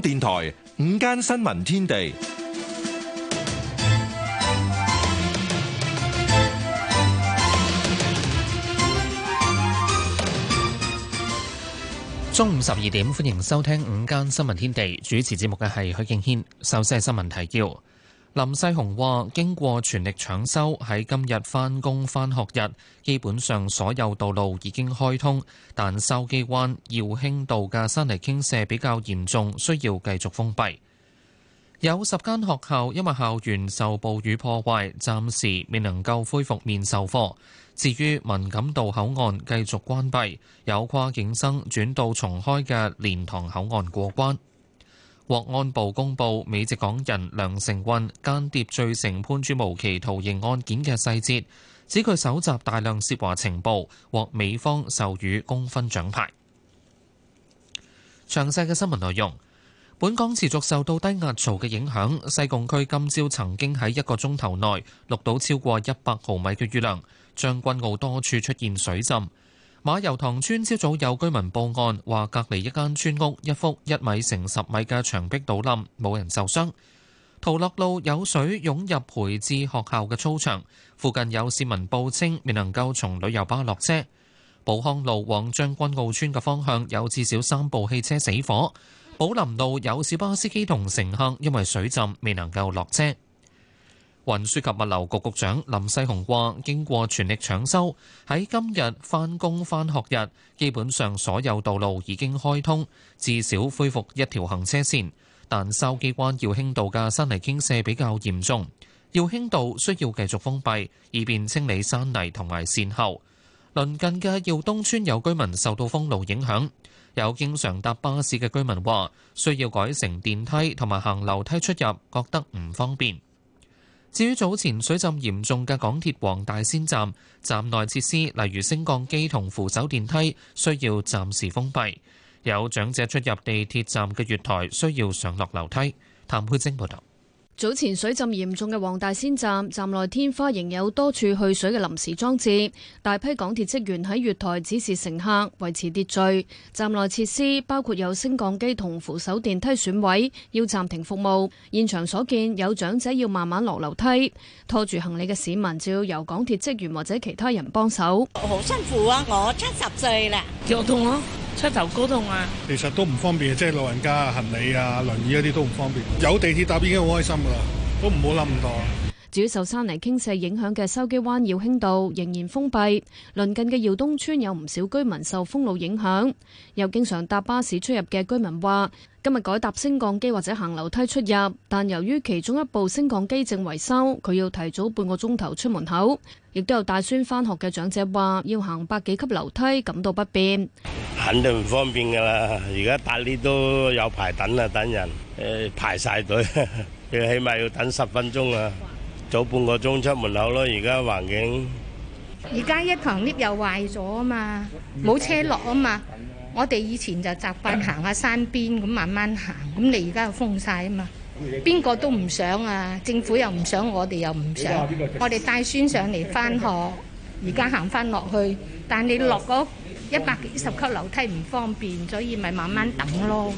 電台午間新聞天地，中午十二點，歡迎收聽午間新聞天地。主持節目嘅係許敬軒，首先係新聞提要。林世雄話：經過全力搶修，喺今日返工返學日，基本上所有道路已經開通。但筲箕灣耀興道嘅山泥傾瀉比較嚴重，需要繼續封閉。有十間學校因為校園受暴雨破壞，暫時未能夠恢復面授課。至於文錦渡口岸繼續關閉，有跨境生轉到重開嘅蓮塘口岸過關。國安部公布美籍港人梁成運間諜罪成判處無期徒刑案件嘅細節，指佢搜集大量涉華情報，獲美方授予功勳獎牌。詳細嘅新聞內容，本港持續受到低壓槽嘅影響，西貢區今朝曾經喺一個鐘頭內錄到超過一百毫米嘅雨量，將軍澳多處出現水浸。馬游塘村朝早有居民報案，話隔離一間村屋，一幅一米乘十米嘅牆壁倒冧，冇人受傷。陶樂路有水湧入培智學校嘅操場，附近有市民報稱未能夠從旅遊巴落車。寶康路往將軍澳村嘅方向有至少三部汽車死火。寶林路有小巴司機同乘客因為水浸未能夠落車。運輸及物流局局長林世雄話，經過全力搶修，喺今日返工返學日，基本上所有道路已經開通，至少恢復一條行車線。但筲箕灣耀興道嘅山泥傾瀉比較嚴重，耀興道需要繼續封閉，以便清理山泥同埋善後。鄰近嘅耀東邨有居民受到封路影響，有經常搭巴士嘅居民話需要改乘電梯同埋行樓梯出入，覺得唔方便。至於早前水浸嚴重嘅港鐵黃大仙站，站內設施例如升降機同扶手電梯需要暫時封閉，有長者出入地鐵站嘅月台需要上落樓梯。譚佩晶報導。早前水浸嚴重嘅黃大仙站，站內天花仍有多處去水嘅臨時裝置，大批港鐵職員喺月台指示乘客維持秩序。站內設施包括有升降機同扶手電梯損毀，要暫停服務。現場所見，有長者要慢慢落樓梯，拖住行李嘅市民就要由港鐵職員或者其他人幫手。好辛苦啊，我七十歲啦，腳痛啊。出走高通啊！其實都唔方便，即係老人家啊、行李啊、輪椅嗰啲都唔方便。有地鐵搭已經好開心噶啦，都唔好諗咁多。至於受山泥傾瀉影響嘅筲箕灣耀興道仍然封閉，鄰近嘅耀東村有唔少居民受封路影響，有經常搭巴士出入嘅居民話。今日改搭升降機或者行樓梯出入，但由於其中一部升降機正維修，佢要提早半個鐘頭出門口。亦都有大孫翻學嘅長者話要行百幾級樓梯，感到不便。肯定唔方便噶啦，而家搭呢都有排等啦，等人誒排晒隊，佢起碼要等十分鐘啊，早半個鐘出門口咯。而家環境，而家一旁 lift 又壞咗啊嘛，冇車落啊嘛。我哋以前就習慣行下山邊咁慢慢行，咁你而家又封晒啊嘛，邊個都唔想啊，政府又唔想，我哋又唔想， 我哋帶孫上嚟返學，而家行返落去，但你落個、哦。一百幾十級樓梯唔方便，所以咪慢慢等咯。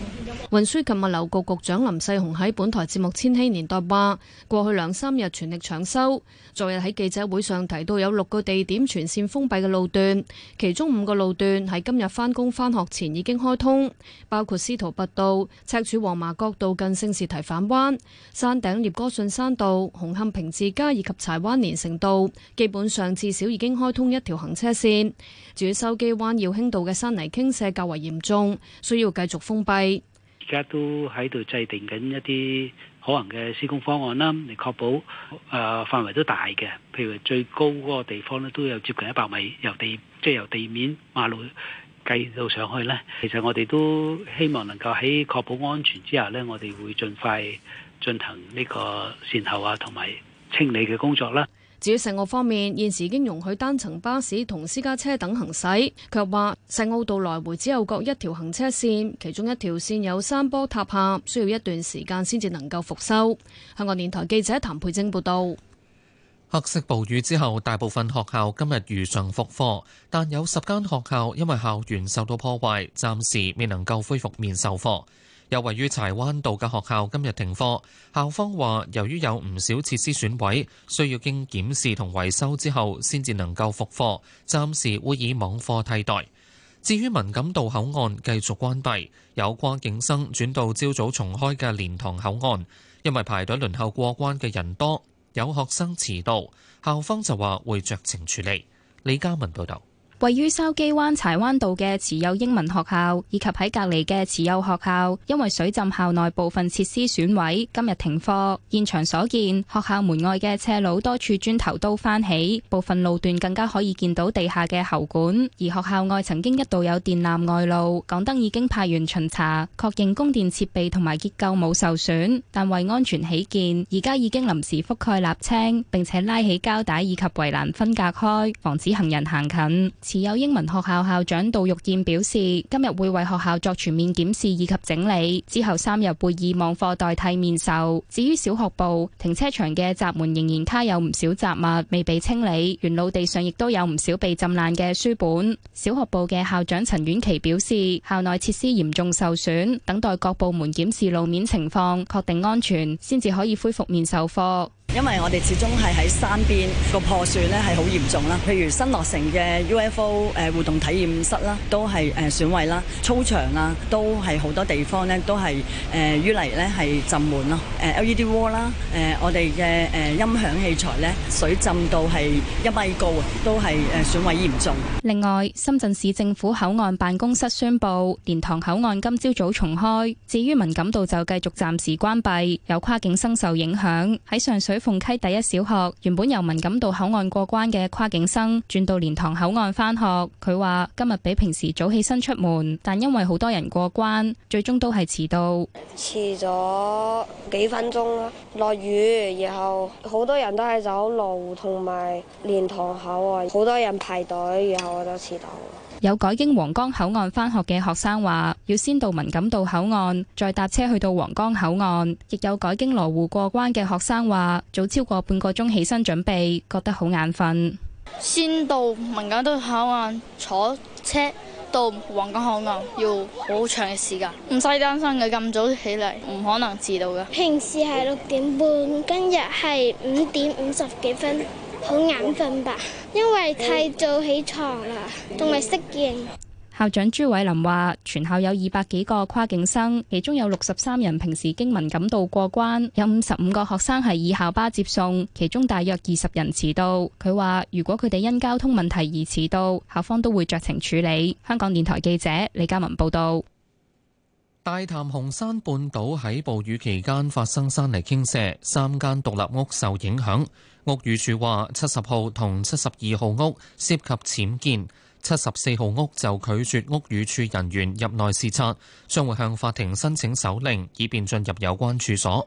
運輸及物流局局長林世雄喺本台節目《千禧年代》話：過去兩三日全力搶修。昨日喺記者會上提到有六個地點全線封閉嘅路段，其中五個路段喺今日返工返學前已經開通，包括司徒拔道、赤柱黃麻角道、近聖士提反灣、山頂聶歌信山道、紅磡平治街以及柴灣連城道，基本上至少已經開通一條行車線。至於筲箕灣。耀興道嘅山泥傾瀉較為嚴重，需要繼續封閉。而家都喺度制定緊一啲可能嘅施工方案啦，嚟確保誒範圍都大嘅。譬如最高嗰個地方咧，都有接近一百米，由地即係、就是、由地面馬路計到上去咧。其實我哋都希望能夠喺確保安全之下呢，我哋會盡快進行呢個善後啊，同埋清理嘅工作啦。至於石澳方面，現時已經容許單層巴士同私家車等行駛，卻話石澳道來回只有各一條行車線，其中一條線有山坡塌陷，需要一段時間先至能夠復修。香港電台記者譚佩晶報導。黑色暴雨之後，大部分學校今日如常復課，但有十間學校因為校園受到破壞，暫時未能夠恢復面授課。又位於柴灣道嘅學校今日停課，校方話由於有唔少設施損毀，需要經檢視同維修之後先至能夠復課，暫時會以網課替代。至於文錦渡口岸繼續關閉，有關警生轉到朝早重開嘅蓮塘口岸，因為排隊輪候過關嘅人多，有學生遲到，校方就話會酌情處理。李嘉文報道。位於筲箕灣柴灣道嘅慈幼英文學校以及喺隔籬嘅慈幼學校，因為水浸校內部分設施損毀，今日停課。現場所見，學校門外嘅斜路多處磚頭都翻起，部分路段更加可以見到地下嘅喉管。而學校外曾經一度有電纜外露，港燈已經派員巡查，確認供電設備同埋結構冇受損，但為安全起見，而家已經臨時覆蓋立青，並且拉起膠帶以及圍欄分隔開，防止行人行近。持有英文學校校長杜玉健表示，今日會為學校作全面檢視以及整理，之後三日會以網課代替面授。至於小學部停車場嘅閘門仍然卡有唔少雜物未被清理，原路地上亦都有唔少被浸爛嘅書本。小學部嘅校長陳婉琪表示，校內設施嚴重受損，等待各部門檢視路面情況，確定安全先至可以恢復面授課。因為我哋始終係喺山邊個破損咧，係好嚴重啦，譬如新樂城嘅 UFO 誒互動體驗室啦，都係誒損毀啦，操場啦，都係好多地方呢，都係誒淤泥咧，係浸滿咯，LED wall 啦，誒我哋嘅誒音響器材呢，水浸到係一米高啊，都係誒損毀嚴重。另外，深圳市政府口岸辦公室宣布，蓮塘口岸今朝早早重開，至於敏感度就繼續暫時關閉，有跨境生受影響喺上水。鳳溪第一小學原本由文錦渡口岸過關嘅跨境生轉到蓮塘口岸返學，佢話今日比平時早起身出門，但因為好多人過關，最終都係遲到，遲咗幾分鐘啦。落雨，然後好多人都係走羅湖同埋蓮塘口岸，好多人排隊，然後我就遲到。有改經皇崗口岸返學嘅學生話，要先到文錦渡口岸，再搭車去到皇崗口岸。亦有改經羅湖過關嘅學生話，早超過半個鐘起身準備，覺得好眼瞓。先到文錦渡口岸坐車到皇崗口岸要好長嘅時間，唔使擔心嘅，咁早起嚟唔可能遲到噶。平時係六點半，今日係五點五十幾分。好眼瞓吧，因為太早起床啦，仲未適應。校長朱偉林話：全校有二百幾個跨境生，其中有六十三人平時經文錦渡過關，有五十五個學生係以校巴接送，其中大約二十人遲到。佢話：如果佢哋因交通問題而遲到，校方都會酌情處理。香港電台記者李嘉文報道。大潭紅山半島喺暴雨期間發生山泥傾瀉，三間獨立屋受影響。屋宇署話，七十號同七十二號屋涉及僭建，七十四號屋就拒絕屋宇署人員入內視察，將會向法庭申請手令，以便進入有關處所。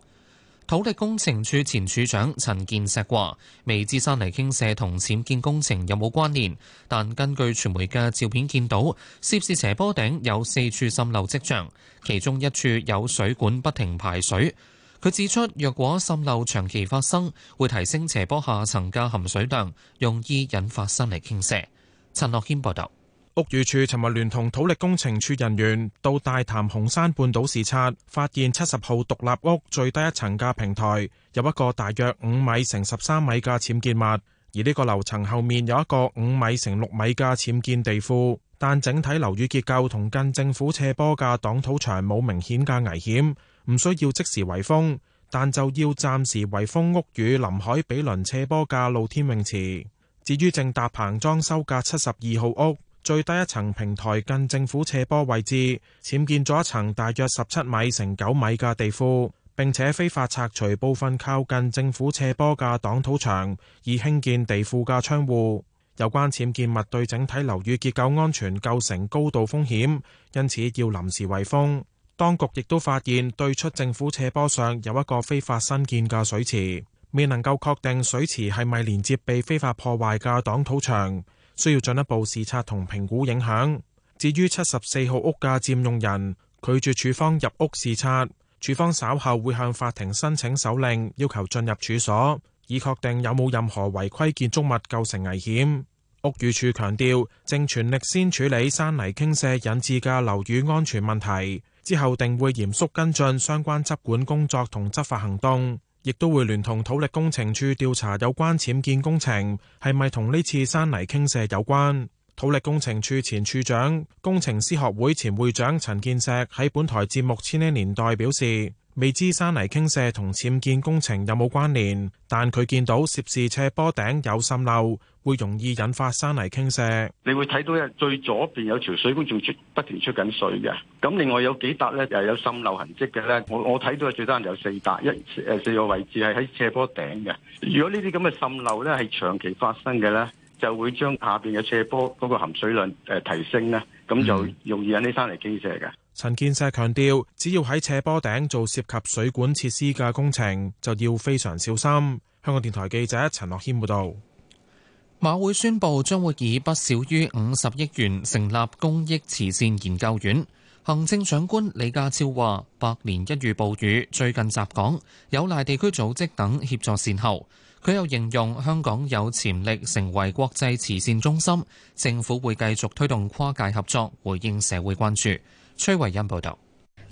土力工程署前署長陳建石話，未知山泥傾瀉同僭建工程有冇關聯，但根據傳媒嘅照片見到，涉事斜坡頂有四處滲漏跡象，其中一處有水管不停排水。佢指出，若果滲漏長期發生，會提升斜坡下層嘅含水量，容易引發山泥傾瀉。陳樂謙報道。屋宇署尋日聯同土力工程處人員到大潭紅山半島視察，發現七十號獨立屋最低一層嘅平台有一個大約五米乘十三米嘅僭建物，而呢個樓層後面有一個五米乘六米嘅僭建地庫。但整體樓宇結構同近政府斜坡嘅擋土牆冇明顯嘅危險，唔需要即時圍封，但就要暫時圍封屋宇臨海比鄰斜坡嘅露天泳池。至於正搭棚裝修嘅七十二號屋，最低一層平台近政府斜坡位置，僭建咗一層大約十七米乘九米嘅地庫，並且非法拆除部分靠近政府斜坡嘅擋土牆，以興建地庫嘅窗戶。有關僭建物對整體樓宇結構安全構成高度風險，因此要臨時圍封。當局亦都發現對出政府斜坡上有一個非法新建嘅水池，未能夠確定水池係咪連接被非法破壞嘅擋土牆。需要進一步視察同評估影響。至於七十四號屋嘅佔用人拒絕署方入屋視察，署方稍後會向法庭申請手令，要求進入處所，以確定有冇任何違規建築物構成危險。屋宇署強調，正全力先處理山泥傾瀉引致嘅樓宇安全問題，之後定會嚴肅跟進相關執管工作同執法行動。亦都會聯同土力工程處調查有關僭建工程係咪同呢次山泥傾瀉有關。土力工程處前處長、工程師學會前會長陳建石喺本台節目《千禧年代》表示。未知山泥傾瀉同僭建工程有冇關聯？但佢見到涉事斜坡頂有滲漏，會容易引發山泥傾瀉。你會睇到啊，最左邊有條水管仲出，不停出緊水嘅。咁另外有幾笪咧，又有滲漏痕迹嘅咧。我我睇到最多人有四笪，一誒四個位置係喺斜坡頂嘅。如果呢啲咁嘅滲漏咧係長期發生嘅咧，就會將下邊嘅斜坡嗰個含水量誒提升咧，咁就容易引起山泥傾瀉嘅。陳建石強調，只要喺斜坡頂做涉及水管設施嘅工程，就要非常小心。香港電台記者陳樂謙報道。馬會宣佈將會以不少於五十億元成立公益慈善研究院。行政長官李家超話：百年一遇暴雨，最近襲港，有賴地區組織等協助善後。佢又形容香港有潛力成為國際慈善中心，政府會繼續推動跨界合作，回應社會關注。崔慧欣報道。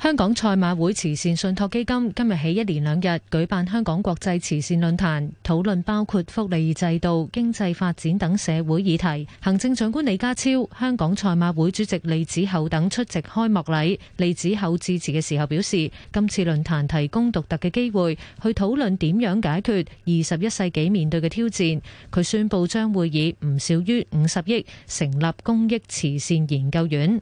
香港賽馬會慈善信託基金今日起一連兩日舉辦香港國際慈善論壇，討論包括福利制度、經濟發展等社會議題。行政長官李家超、香港賽馬會主席李子厚等出席開幕禮。李子厚致辭嘅時候表示，今次論壇提供獨特嘅機會去討論點樣解決二十一世紀面對嘅挑戰。佢宣佈將會以唔少於五十億成立公益慈善研究院。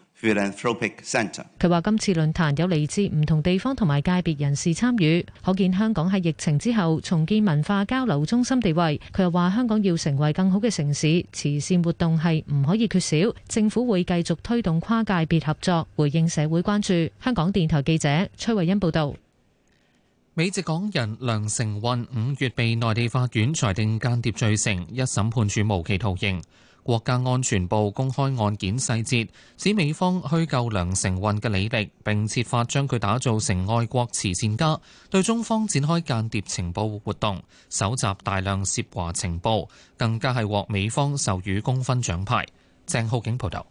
佢話：今次論壇有嚟自唔同地方同埋界別人士參與，可見香港喺疫情之後重建文化交流中心地位。佢又話：香港要成為更好嘅城市，慈善活動係唔可以缺少。政府會繼續推動跨界別合作，回應社會關注。香港電台記者崔慧欣報道。美籍港人梁成運五月被內地法院裁定間諜罪成，一審判處無期徒刑。國家安全部公開案件細節，指美方虛構梁成運嘅履歷，並設法將佢打造成愛國慈善家，對中方展開間諜情報活動，搜集大量涉華情報，更加係獲美方授予功勳獎牌。鄭浩景報道。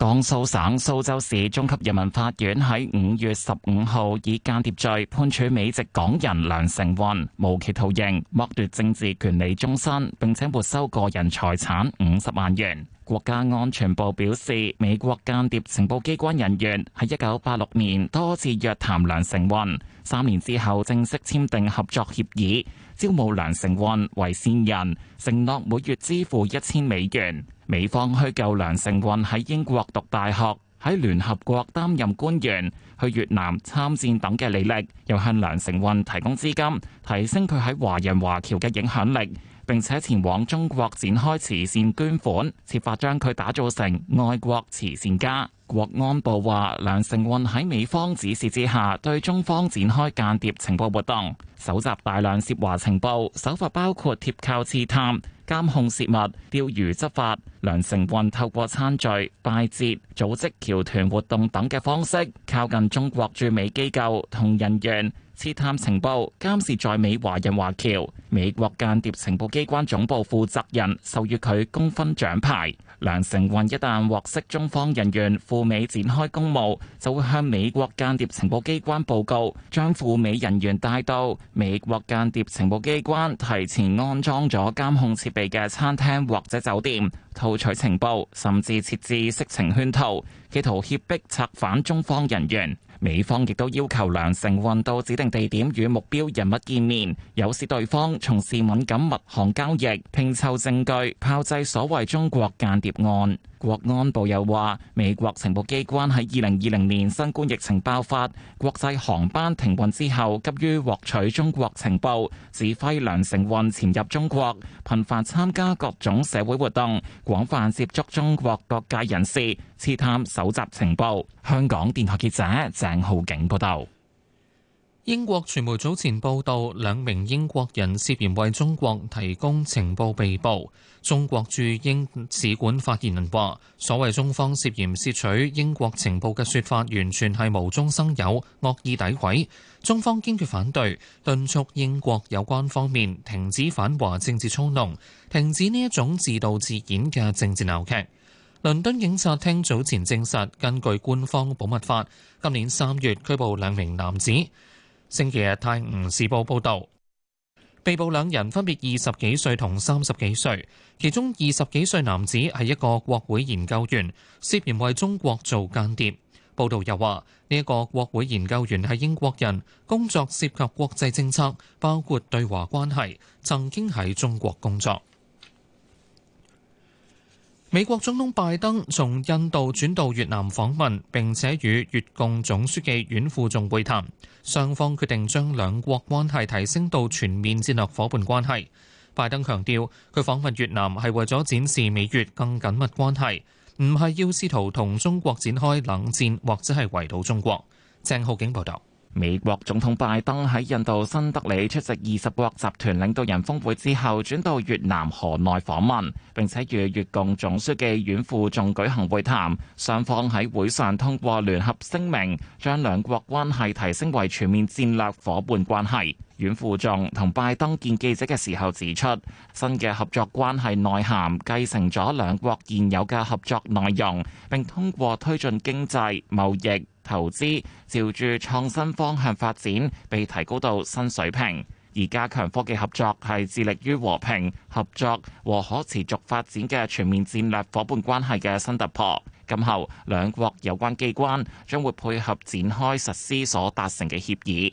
江蘇省蘇州市中級人民法院喺五月十五號以間諜罪判處美籍港人梁成運無期徒刑，剝奪政治權利終身，並且沒收個人財產五十萬元。國家安全部表示，美國間諜情報機關人員喺一九八六年多次約談梁成運，三年之後正式簽訂合作協議，招募梁成運為線人，承諾每月支付一千美元。美方虛構梁成運喺英國讀大學、喺聯合國擔任官員、去越南參戰等嘅履歷，又向梁成運提供資金，提升佢喺華人華僑嘅影響力，並且前往中國展開慈善捐款，設法將佢打造成愛國慈善家。國安部話，梁成運喺美方指示之下，對中方展開間諜情報活動，搜集大量涉華情報，手法包括貼靠刺探。監控竊物、釣魚執法，梁城運透過餐聚、拜節、組織僑團活動等嘅方式，靠近中國駐美機構同人員，刺探情報，監視在美華人華僑。美國間諜情報機關總部負責人授予佢功勳獎牌。梁成雲一旦獲悉中方人員赴美展開公務，就會向美國間諜情報機關報告，將赴美人員帶到美國間諜情報機關提前安裝咗監控設備嘅餐廳或者酒店，套取情報，甚至設置色情圈套，企圖脅迫迫策反中方人員。美方亦都要求梁成運到指定地點與目標人物見面，誘使對方從事敏感物項交易，拼湊證據，炮製所謂中國間諜案。國安部又話，美國情報機關喺二零二零年新冠疫情爆發，國際航班停運之後，急於獲取中國情報，指揮梁成運潛入中國，頻繁參加各種社會活動，廣泛接觸中國各界人士，刺探搜集情報。香港電台記者鄭浩景報道。英國傳媒早前報道，兩名英國人涉嫌為中國提供情報被捕。中國駐英使館發言人話，所謂中方涉嫌竊取英國情報嘅說法，完全係無中生有、惡意詆毀。中方堅決反對，敦促英國有關方面停止反華政治操弄，停止呢一種自導自演嘅政治鬧劇。倫敦警察廳早前證實，根據官方保密法，今年三月拘捕兩名男子。星期日，《泰晤士報》報道，被捕兩人分別二十幾歲同三十幾歲，其中二十幾歲男子係一個國會研究員，涉嫌為中國做間諜。報道又話，呢一個國會研究員係英國人，工作涉及國際政策，包括對華關係，曾經喺中國工作。美國總統拜登從印度轉到越南訪問，並且與越共總書記阮富仲會談，雙方決定將兩國關係提升到全面戰略夥伴關係。拜登強調，佢訪問越南係為咗展示美越更緊密關係，唔係要試圖同中國展開冷戰或者係圍堵中國。鄭浩景報道。美國總統拜登喺印度新德里出席二十國集團領導人峰會之後，轉到越南河內訪問，並且與越共總書記阮富仲舉行會談。雙方喺會上通過聯合聲明，將兩國關係提升為全面戰略伙伴關係。阮富仲同拜登見記者嘅時候指出，新嘅合作關係內涵繼承咗兩國現有嘅合作內容，並通過推進經濟貿易。投資，照住創新方向發展，被提高到新水平。而加強科技合作係致力於和平、合作和可持續發展嘅全面戰略伙伴關係嘅新突破。今後兩國有關機關將會配合展開實施所達成嘅協議。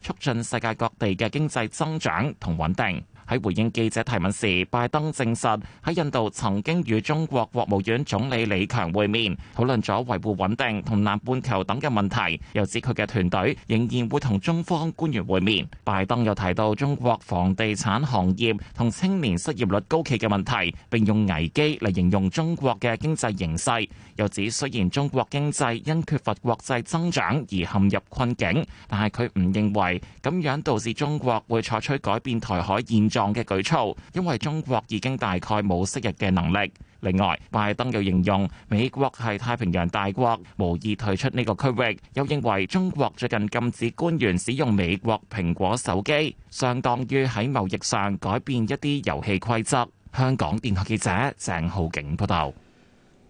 促進世界各地嘅經濟增長同穩定。喺回應記者提問時，拜登證實喺印度曾經與中國國務院總理李強會面，討論咗維護穩定同南半球等嘅問題。又指佢嘅團隊仍然會同中方官員會面。拜登又提到中國房地產行業同青年失業率高企嘅問題，並用危機嚟形容中國嘅經濟形勢。又指雖然中國經濟因缺乏國際增長而陷入困境，但係佢唔認為咁樣導致中國會採取改變台海現狀嘅舉措，因為中國已經大概冇昔日嘅能力。另外，拜登又形容美國係太平洋大國，無意退出呢個區域。又認為中國最近禁止官員使用美國蘋果手機，相當於喺貿易上改變一啲遊戲規則。香港電台記者鄭浩景報道。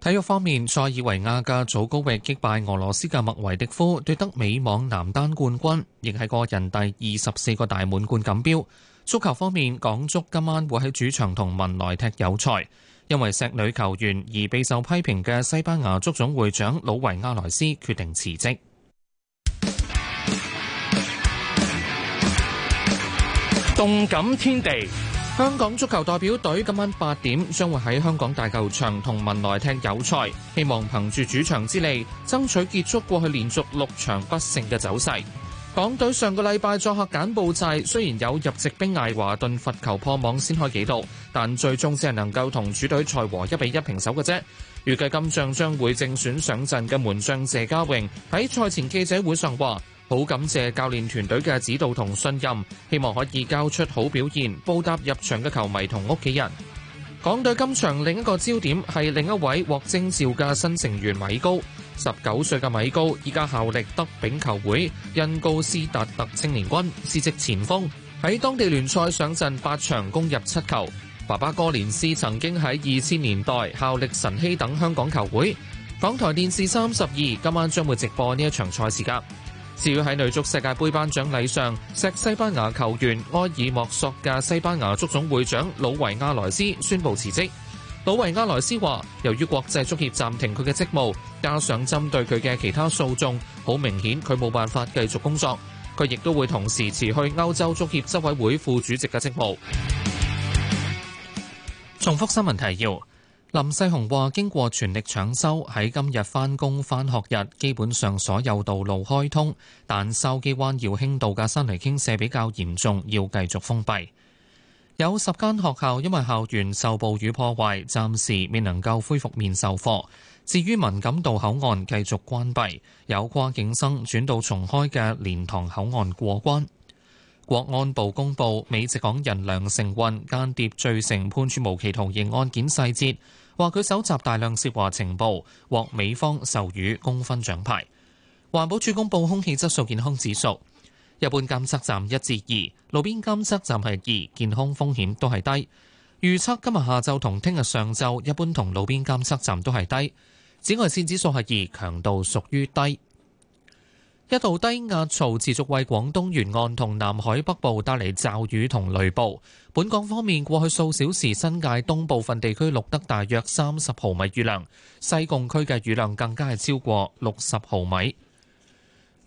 體育方面，塞爾維亞嘅祖高域擊敗俄羅斯嘅麥維迪夫，奪得美網男單冠軍，亦係個人第二十四個大滿貫錦標。足球方面，港足今晚會喺主場同文萊踢友賽。因為錫女球員而備受批評嘅西班牙足總會長魯維阿萊斯決定辭職。動感天地，香港足球代表隊今晚八點將會喺香港大球場同文萊踢友賽，希望憑住主場之利，爭取結束過去連續六場不勝嘅走勢。港隊上個禮拜作客柬埔寨，雖然有入籍兵艾華頓罰球破網先開紀錄，但最終只係能夠同主隊賽和一比一平手嘅啫。預計今仗將會正選上陣嘅門將謝家榮喺賽前記者會上話：好感謝教練團隊嘅指導同信任，希望可以交出好表現，報答入場嘅球迷同屋企人。港隊今場另一個焦點係另一位獲徵召嘅新成員米高，十九歲嘅米高依家效力德丙球會印高斯達特特青年軍，司職前鋒，喺當地聯賽上陣八場攻入七球。爸爸哥連斯曾經喺二千年代效力晨曦等香港球會。港台電視三十二今晚將會直播呢一場賽事噶。至於喺女足世界杯頒獎禮上，錫西班牙球員埃爾莫索嘅西班牙足總會長魯維亞萊斯宣布辭職。魯維亞萊斯話，由於國際足協暫停佢嘅職務，加上針對佢嘅其他訴訟，好明顯佢冇辦法繼續工作。佢亦都會同時辭去歐洲足協執委會副主席嘅職務。重複新聞提要。林世雄話：經過全力搶修，喺今日返工返學日，基本上所有道路開通，但筲箕灣耀興道嘅山泥傾瀉比較嚴重，要繼續封閉。有十間學校因為校園受暴雨破壞，暫時未能夠恢復面授課。至於文錦渡口岸繼續關閉，有跨境生轉到重開嘅蓮塘口岸過關。國安部公布，美籍港人梁成運間諜罪成，判處無期徒刑。案件細節，話佢搜集大量涉華情報，獲美方授予功勳獎牌。環保署公布空氣質素健康指數，一般監測站一至二，路邊監測站係二，健康風險都係低。預測今日下晝同聽日上晝，一般同路邊監測站都係低。紫外線指數係二，強度屬於低。一度低壓槽持續為廣東沿岸同南海北部帶嚟驟雨同雷暴。本港方面，過去數小時新界東部分地區錄得大約三十毫米雨量，西貢區嘅雨量更加係超過六十毫米。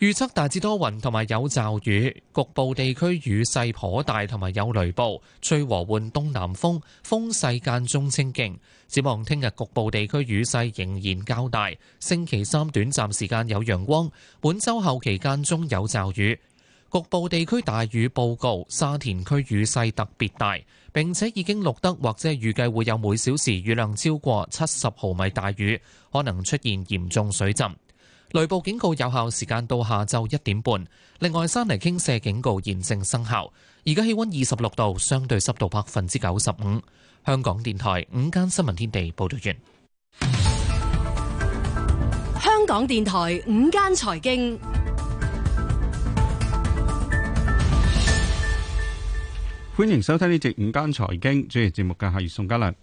預測大致多雲同埋有驟雨，局部地區雨勢頗大同埋有雷暴，吹和緩東南風，風勢間中清勁。展望聽日局部地區雨勢仍然較大，星期三短暫時間有陽光，本周後期間中有驟雨，局部地區大雨報告，沙田區雨勢特別大，並且已經錄得或者係預計會有每小時雨量超過七十毫米大雨，可能出現嚴重水浸。雷暴警告有效時間到下晝一點半，另外山泥傾瀉警告現正生效。而家氣溫二十六度，相對濕度百分之九十五。香港電台午間新聞天地報道完。香港電台午間財經，歡迎收聽呢集午間財經，主持節目嘅係宋嘉倫。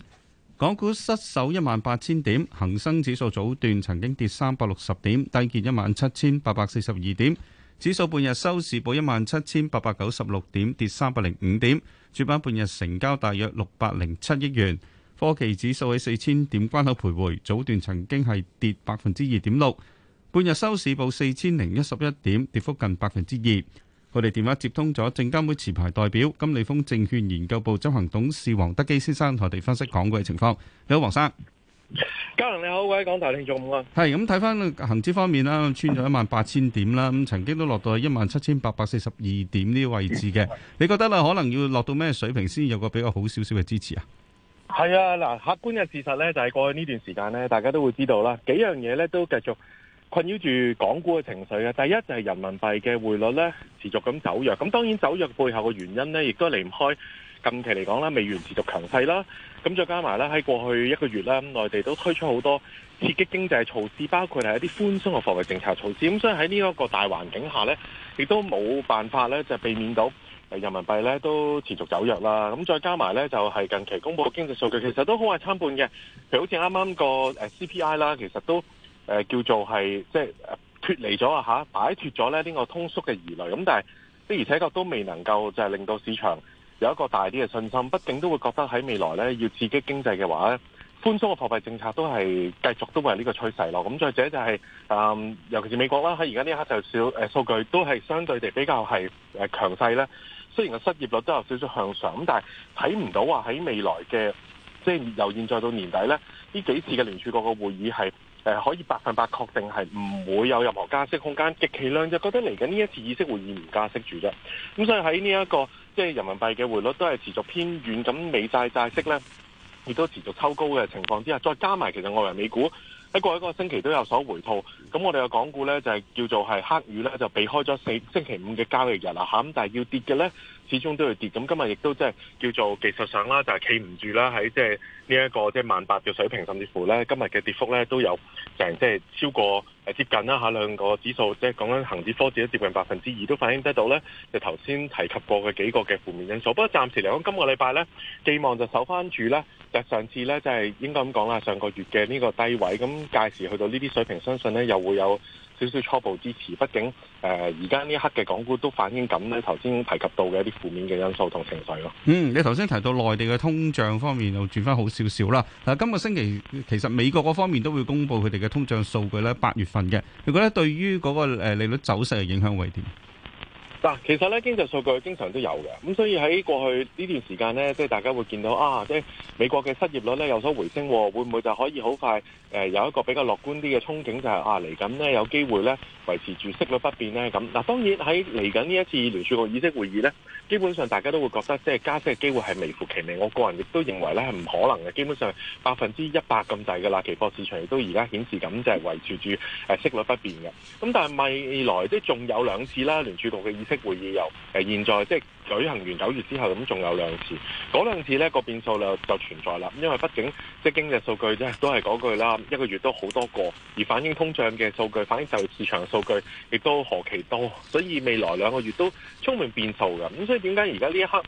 港股失守一萬八千點，恒生指數早段曾經跌三百六十點，低見一萬七千八百四十二點。指數半日收市報一萬七千八百九十六點，跌三百零五點。主板半日成交大約六百零七億元。科技指數喺四千點關口徘徊，早段曾經係跌百分之二點六，半日收市報四千零一十一點，跌幅近百分之二。佢哋電話接通咗證監會持牌代表金利豐證券研究部執行董事黃德基先生，同我哋分析港股嘅情況。你好，黃生，嘉能你好，各位港台聽眾，午安。係咁，睇翻恒指方面啦，穿咗一萬八千點啦，咁曾經都落到去一萬七千八百四十二點呢個位置嘅。 你覺得咧，可能要落到咩水平先有個比較好少少嘅支持啊？係啊，嗱，客觀嘅事實咧，就係過去呢段時間呢，大家都會知道啦，幾樣嘢咧都繼續。困擾住港股嘅情緒嘅，第一就係人民幣嘅匯率咧持續咁走弱，咁當然走弱背後嘅原因咧，亦都離唔開近期嚟講啦，美元持續強勢啦，咁再加埋咧喺過去一個月啦，內地都推出好多刺激經濟嘅措施，包括係一啲寬鬆嘅貨幣政策措施，咁所以喺呢一個大環境下咧，亦都冇辦法咧就避免到人民幣咧都持續走弱啦，咁再加埋咧就係近期公佈嘅經濟數據，其實都好壞參半嘅，譬如好似啱啱個誒 CPI 啦，其實都。誒、呃、叫做係即係脫離咗啊！嚇，擺脫咗咧呢、這個通縮嘅疑慮咁，但係的而且確都未能夠就係令到市場有一個大啲嘅信心，畢竟都會覺得喺未來咧要刺激經濟嘅話咧，寬鬆嘅貨幣政策都係繼續都會係呢個趨勢咯。咁再者就係、是、誒、呃，尤其是美國啦，喺而家呢一刻就少誒數據都係相對地比較係誒強勢咧。雖然個失業率都有少少向上，咁但係睇唔到話喺未來嘅即係由現在到年底咧呢幾次嘅聯儲局嘅會議係。誒可以百分百確定係唔會有任何加息空間，極其量就覺得嚟緊呢一次議息會議唔加息住啫。咁所以喺呢一個即係、就是、人民幣嘅匯率都係持續偏軟，咁美債債息呢亦都持續抽高嘅情況之下，再加埋其實外圍美股喺過去嗰個星期都有所回吐，咁我哋嘅港股呢，就係、是、叫做係黑雨呢就避開咗四星期五嘅交易日啊嚇，咁但係要跌嘅呢。始終都要跌，咁今日亦都即係叫做技術上啦，就係企唔住啦，喺即係呢一個即係萬八嘅水平，甚至乎咧今日嘅跌幅咧都有成即係超過誒接近啦嚇兩個指數，即係講緊恒指、科指都接近百分之二，都反映得到咧，就頭先提及過嘅幾個嘅負面因素。不過暫時嚟講，今個禮拜咧，寄望就守翻住咧，就上次咧，即係應該咁講啦，上個月嘅呢個低位，咁屆時去到呢啲水平，相信咧又會有。少少初步支持，畢竟誒而家呢一刻嘅港股都反映緊咧。頭先提及到嘅一啲負面嘅因素同情緒咯。嗯，你頭先提到內地嘅通脹方面又轉翻好少少啦。嗱、啊，今個星期其實美國嗰方面都會公布佢哋嘅通脹數據咧，八月份嘅，你覺得對於嗰個利率走勢嘅影響為點？嗱，其實咧經濟數據經常都有嘅，咁所以喺過去呢段時間呢，即係大家會見到啊，即係美國嘅失業率呢有所回升，會唔會就可以好快誒有一個比較樂觀啲嘅憧憬，就係啊嚟緊呢，有機會呢維持住息率不變呢。咁。嗱，當然喺嚟緊呢一次聯儲局議息會議呢，基本上大家都會覺得即係加息嘅機會係微乎其微。我個人亦都認為呢係唔可能嘅，基本上百分之一百咁滯㗎啦。期貨市場亦都而家顯示咁就係維持住誒息率不變嘅。咁但係未來即仲有兩次啦，聯儲局嘅議。即會議由誒，現在即舉行完九月之後，咁仲有兩次，嗰兩次呢個變數量就存在啦。因為畢竟即經濟數據咧都係嗰句啦，一個月都好多個，而反映通脹嘅數據，反映就市場數據，亦都何其多。所以未來兩個月都充滿變數㗎。咁所以點解而家呢一刻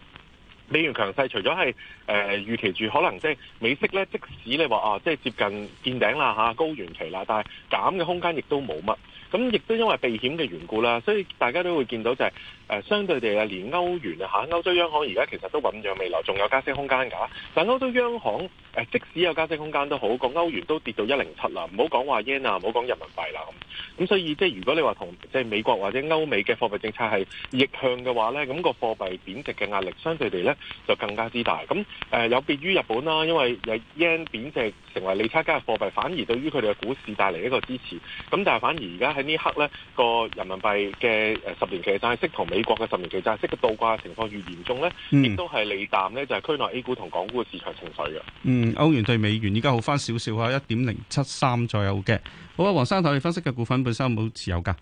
美元強勢除，除咗係誒預期住可能即美息呢？即使你話啊，即接近見頂啦嚇，高原期啦，但係減嘅空間亦都冇乜。咁亦都因為避險嘅緣故啦，所以大家都會見到就係、是。誒相對地啊，連歐元啊嚇，歐洲央行而家其實都醞釀未來，仲有加息空間㗎。但歐洲央行誒即使有加息空間都好，個歐元都跌到一零七啦。唔好講話 yen 啊，唔好講人民幣啦咁。咁所以即係如果你話同即係美國或者歐美嘅貨幣政策係逆向嘅話咧，咁、那個貨幣貶值嘅壓力相對地咧就更加之大。咁誒、呃、有別於日本啦，因為有 yen 貶值成為利差交易嘅貨幣，反而對於佢哋嘅股市帶嚟一個支持。咁但係反而而家喺呢刻咧個人民幣嘅誒十年期但債息同。美國嘅十年期債息嘅倒掛情況越嚴重呢，亦都係利淡呢就係區內 A 股同港股嘅市場情緒嘅。嗯，歐元兌美元依家，好翻少少啊，一點零七三左右嘅。好啊，黃生，睇你分析嘅股份本身有冇持有噶？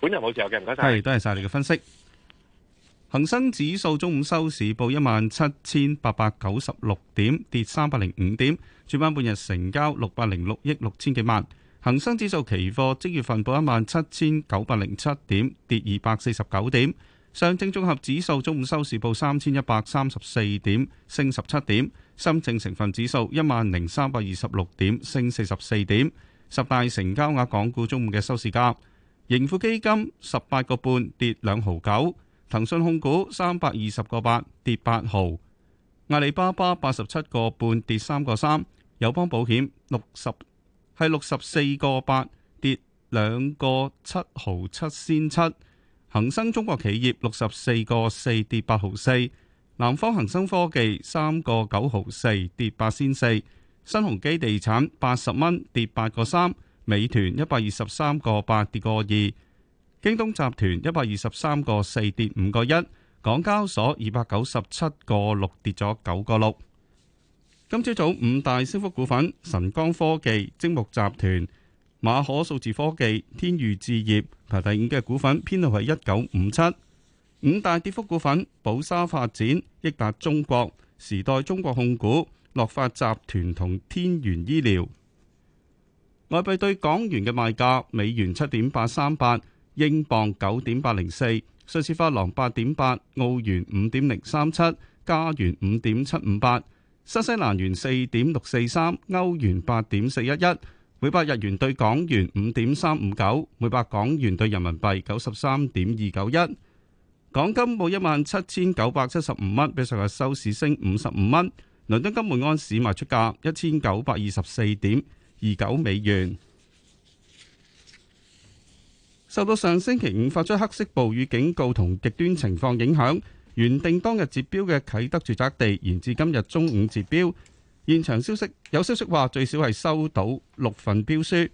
本人冇持有嘅，唔該晒。係，多謝晒你嘅分析。恒生指數中午收市報一萬七千八百九十六點，跌三百零五點。主板半日成交六百零六億六千幾萬。恒生指數期貨即月份報一萬七千九百零七點，跌二百四十九點。上證綜合指數中午收市報三千一百三十四點，升十七點；深證成分指數一萬零三百二十六點，升四十四點。十大成交額港股中午嘅收市價，盈富基金十八個半跌兩毫九，騰訊控股三百二十個八跌八毫，阿里巴巴八十七個半跌三個三，友邦保險六十係六十四個八跌兩個七毫七先七。恒生中國企業六十四個四跌八毫四，南方恒生科技三個九毫四跌八先四，新鴻基地產八十蚊跌八個三，美團一百二十三個八跌個二，京東集團一百二十三個四跌五個一，港交所二百九十七個六跌咗九個六。今朝早五大升幅股份：晨光科技、精木集團、馬可數字科技、天譽置業。排第五嘅股份編號係一九五七，五大跌幅股份：寶沙發展、益達中國、時代中國控股、樂發集團同天元醫療。外幣對港元嘅賣價：美元七點八三八，英鎊九點八零四，瑞士法郎八點八，澳元五點零三七，加元五點七五八，新西蘭元四點六四三，歐元八點四一一。每百日元兌港元五點三五九，每百港元兌人民幣九十三點二九一。港金報一萬七千九百七十五蚊，比上日收市升五十五蚊。倫敦金每安士賣出價一千九百二十四點二九美元。受到上星期五發出黑色暴雨警告同極端情況影響，原定當日截標嘅啟德住宅地延至今日中午截標。現場消息，有消息話最少係收到六份標書，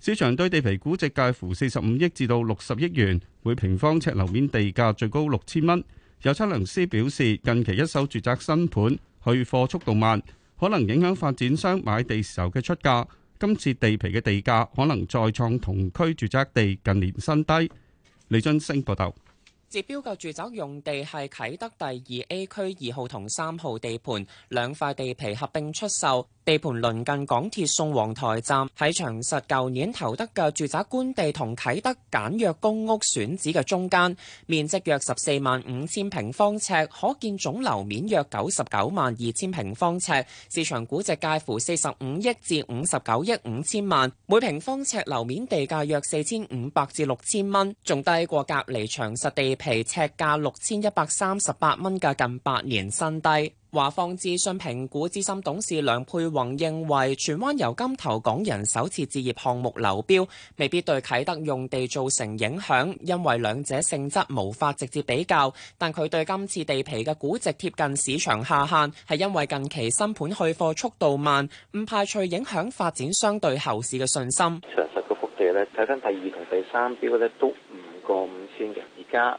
市場對地皮估值介乎四十五億至到六十億元，每平方尺樓面地價，最高六千蚊。有測量師表示，近期一手住宅新盤去貨速度慢，可能影響發展商買地時候嘅出價。今次地皮嘅地價可能再創同區住宅地近年新低。李俊升報道。接標嘅住宅用地係啟德第二 A 區二號同三號地盤兩塊地皮合併出售，地盤鄰近港鐵宋皇臺站，喺長實舊年投得嘅住宅官地同啟德簡約公屋選址嘅中間，面積約十四萬五千平方尺，可建總樓面約九十九萬二千平方尺，市場估值介乎四十五億至五十九億五千萬，每平方尺樓面地價約四千五百至六千蚊，仲低過隔離長實地皮。其尺價六千一百三十八蚊嘅近八年新低。華放諮詢評估資深董事梁佩宏認為，荃灣油柑頭港人首次置業項目流標，未必對啟德用地造成影響，因為兩者性質無法直接比較。但佢對今次地皮嘅估值貼近市場下限，係因為近期新盤去貨速度慢，唔排除影響發展商對後市嘅信心。長實個幅地咧，睇返第二同第三標咧，都唔過五千嘅，而家。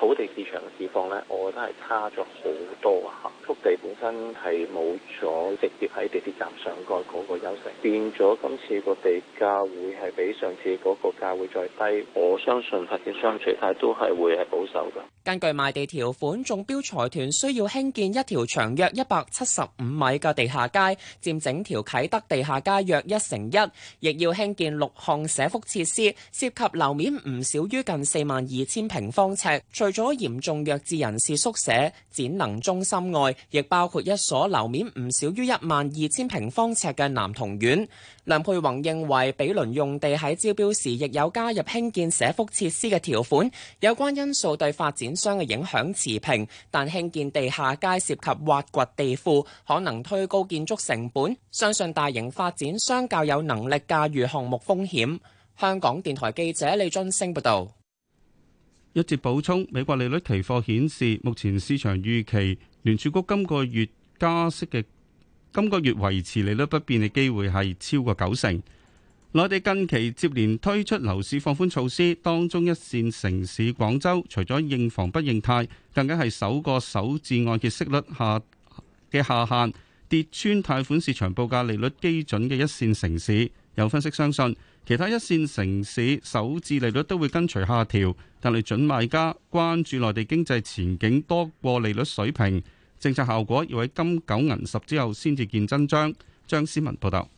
土地市場嘅市況呢，我覺得係差咗好多啊！幅地本身係冇咗直接喺地鐵站上蓋嗰個優勢，變咗今次個地價會係比上次嗰個價會再低。我相信發展商取態都係會係保守㗎。根據賣地條款，中標財團需要興建一條長約一百七十五米嘅地下街，佔整條啟德地下街約一成一，亦要興建六項社福設施，涉及樓面唔少於近四萬二千平方尺。最除咗嚴重弱智人士宿舍、展能中心外，亦包括一所樓面唔少於一萬二千平方尺嘅男童院。梁佩宏認為，比倫用地喺招標時亦有加入興建社福設施嘅條款，有關因素對發展商嘅影響持平。但興建地下街涉及挖掘地庫，可能推高建築成本。相信大型發展商較有能力駕馭項目風險。香港電台記者李津升報道。一節補充，美國利率期貨顯示，目前市場預期聯儲局今個月加息嘅，今個月維持利率不變嘅機會係超過九成。內地近期接連推出樓市放寬措施，當中一線城市廣州，除咗認房不認貸，更加係首個首置按揭息率下嘅下限跌穿貸款市場報價利率基準嘅一線城市。有分析相信，其他一線城市首置利率都會跟隨下調，但係準買家關注內地經濟前景多過利率水平，政策效果要喺金九銀十之後先至見真章。張思文報道。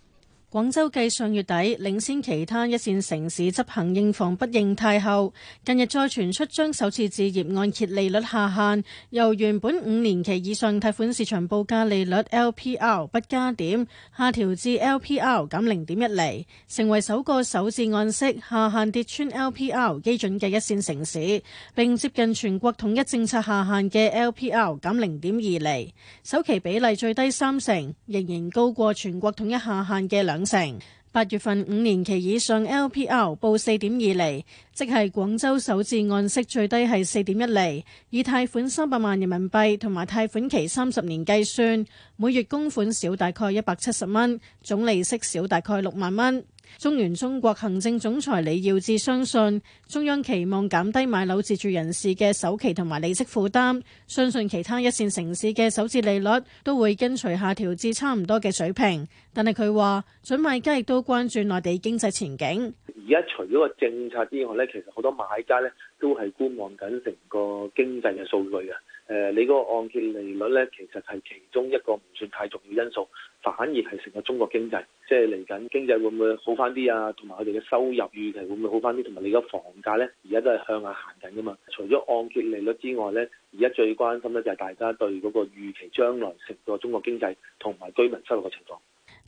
廣州繼上月底領先其他一線城市執行認房不認貸後，近日再傳出將首次置業按揭利率下限由原本五年期以上貸款市場報價利率 LPR 不加點，下調至 LPR 減零點一厘，成為首個首次按息下限跌穿 LPR 基準嘅一線城市，並接近全國統一政策下限嘅 LPR 減零點二厘，首期比例最低三成，仍然高過全國統一下限嘅兩。成八月份五年期以上 LPR 報四點二厘，即係廣州首置按息最低係四點一厘，以貸款三百萬人民幣同埋貸款期三十年計算，每月供款少大概一百七十蚊，總利息少大概六萬蚊。中原中國行政總裁李耀智相信，中央期望減低買樓自住人士嘅首期同埋利息負擔，相信其他一線城市嘅首置利率都會跟隨下調至差唔多嘅水平。但係佢話，準買家亦都關注內地經濟前景。而家除咗個政策之外咧，其實好多買家咧都係觀望緊成個經濟嘅數據啊。誒、呃，你嗰個按揭利率咧，其實係其中一個唔算太重要因素，反而係成個中國經濟，即係嚟緊經濟會唔會好翻啲啊？同埋佢哋嘅收入預期會唔會好翻啲？同埋你個房價咧，而家都係向下行緊噶嘛。除咗按揭利率之外咧，而家最關心咧就係大家對嗰個預期將來成個中國經濟同埋居民收入嘅情況。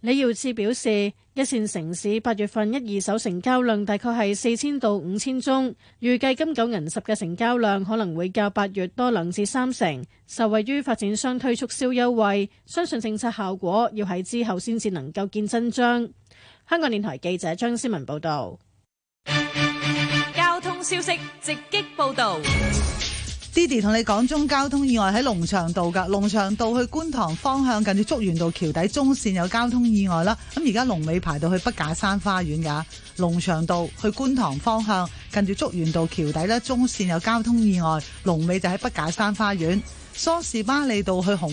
李耀智表示，一線城市八月份一二手成交量大概係四千到五千宗，預計金九銀十嘅成交量可能會較八月多兩至三成，受惠於發展商推促銷優惠，相信政策效果要喺之後先至能夠見真章。香港電台記者張思文報道。交通消息直擊報道。Didi 同你講，中交通意外喺龍翔道㗎，龍翔道去觀塘方向近住竹園道橋底中線有交通意外啦。咁而家龍尾排到去畢架山花園㗎，龍翔道去觀塘方向近住竹園道橋底咧，中線有交通意外，龍尾就喺畢架山花園。梳士巴利道去紅。